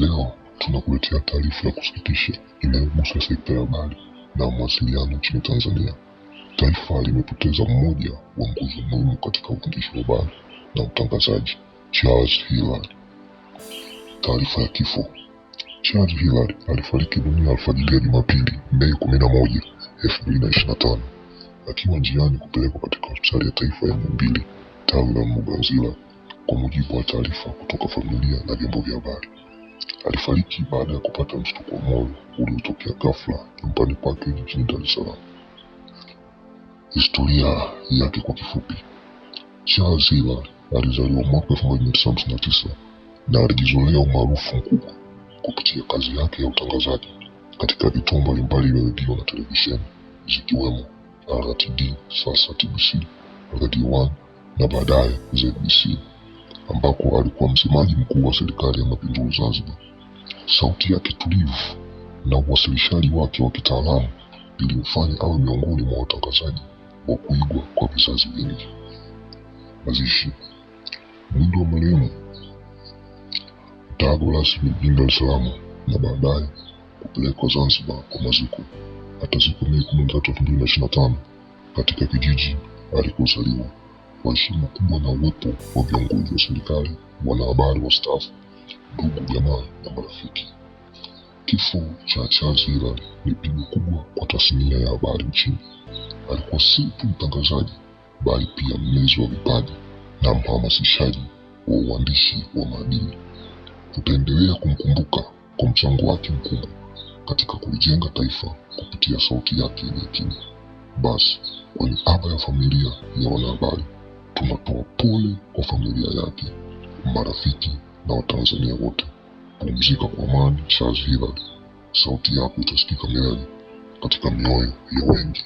Leo tunakuletea taarifa ya kusikitisha inayogusa sekta ya habari na mawasiliano nchini Tanzania. Taifa limepoteza mmoja wa nguzo muhimu katika uandishi wa habari na utangazaji, Charles Hilary. Taarifa ya kifo. Charles Hilary alifariki dunia alfajiri ya Jumapili, Mei kumi 2025 akiwa njiani kupelekwa katika hospitali ya taifa ya Muhimbili tawi la Mloganzila, kwa mujibu wa taarifa kutoka familia na vyombo vya habari. Alifariki baada ya kupata mshtuko wa moyo uliotokea ghafla nyumbani kwake jijini Dar es Salaam. Historia yake kwa kifupi, Charles Hazira alizaliwa mwaka 1959 na alijizolea umaarufu mkubwa kupitia kazi yake ya utangazaji katika vituo mbalimbali vya redio na televisheni zikiwemo RTD, Sasa, TBC, Radio 1 na baadaye ZBC ambako alikuwa msemaji mkuu wa Serikali ya Mapinduzi Zanzibar. Sauti yake tulivu na uwasilishaji wake wa kitaalamu ilimfanya awe miongoni mwa watangazaji wa kuigwa kwa vizazi vingi. Mazishi. Mwili wa marehemu utaagwa rasmi jijini Dar es Salaam na baadaye kupelekwa Zanzibar kwa maziko. Atazikwa Mei kumi na tatu elfu mbili na ishirini na tano katika kijiji alikozaliwa kwa heshima kubwa na uwepo wa viongozi wa serikali, wanahabari wastaafu, ndugu jamaa na marafiki. Kifo cha Shazira ni pigo kubwa kwa tasnia ya habari nchini. Alikuwa si tu mtangazaji, bali pia mlezi wa vipaji na mhamasishaji wa uandishi wa maadili. Tutaendelea kumkumbuka kwa mchango wake mkubwa katika kulijenga taifa kupitia sauti yake yenye kina. Basi, kwa niaba ya familia ya wanahabari tunatoa pole kwa familia yake, marafiki na Watanzania wote. Pumzika kwa amani, Charles Hilary. Sauti yako itasikika milele katika mioyo ya wengi.